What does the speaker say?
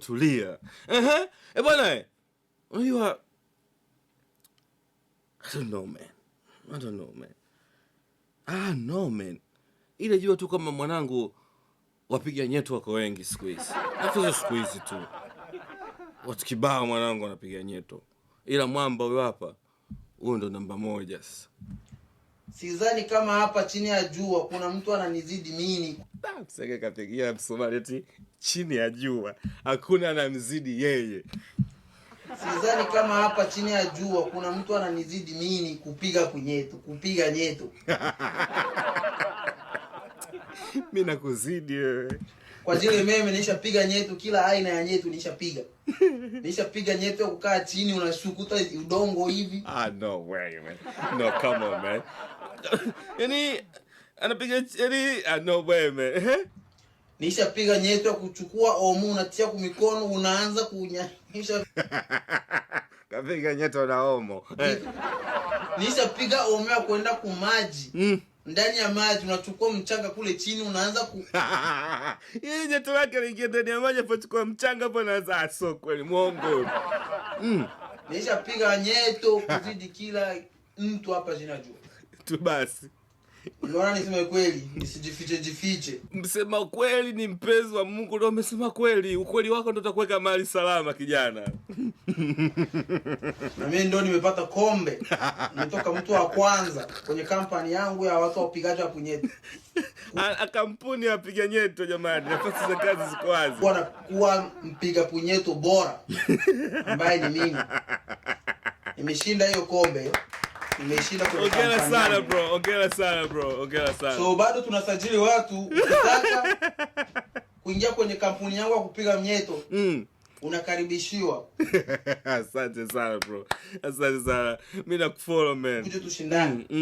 tulia. Uh-huh. Eh, bwana, unajua I don't know man. I don't know man. Ah no man. Ile jua tu kama mwanangu wapiga nyetu wako wengi siku hizi. Hata siku hizi tu. Watu kibao mwanangu wanapiga nyeto. Ila mwamba huyo hapa huyo ndo namba moja sasa. Sidhani kama hapa chini ya jua kuna mtu ananizidi mimi. Ah, Msenge kapigia Msomali eti chini ya jua hakuna anamzidi yeye. Sidhani kama hapa chini ya jua kuna mtu ananizidi mimi kupiga kunyeto, kupiga nyeto. Mimi nakuzidi wewe. Kwa zile meme nishapiga nyetu, kila aina ya nyetu nishapiga. Nishapiga nyetu ya kukaa chini unashukuta udongo hivi. Ah, no way man. No, come on man. yani anapiga yani ah, no way man. Nishapiga nyeto ya kuchukua omu, unatia kwa mikono, unaanza kunyanyisha. Kapiga nyeto na omo. Nishapiga omo ya kwenda kumaji mm. Ndani ya maji unachukua mchanga kule chini, unaanza ku hii yaani nyeto yake aliingia ndani ya maji, apochukua mchanga hapo, anaanza aso. Ah, kweli mwongo mm. Nishapiga nyeto kuzidi kila mtu hapa, zinajua tu basi. Mbona niseme kweli, nisijifiche jifiche. Msema kweli ni mpenzi wa Mungu, ndio umesema kweli. Ukweli wako ndio utakuweka mahali salama, kijana. Na mimi ndio nimepata kombe, nimetoka mtu wa kwanza kwenye kampani yangu ya watu wapigaji wa punyeto. A, kampuni ya piga nyeto jamani, nafasi za kazi ziko wazi. Bora kuwa mpiga punyeto bora ambaye ni mimi, nimeshinda hiyo kombe nimeshinda ongera sana bro, ongera sana bro, ongera sana. So bado tunasajili watu. Ukitaka kuingia kwenye kampuni yangu ya kupiga mnyeto mm. Unakaribishiwa. Asante sana bro, asante sana, mi nakufollow man, kuja tushindane. Mm.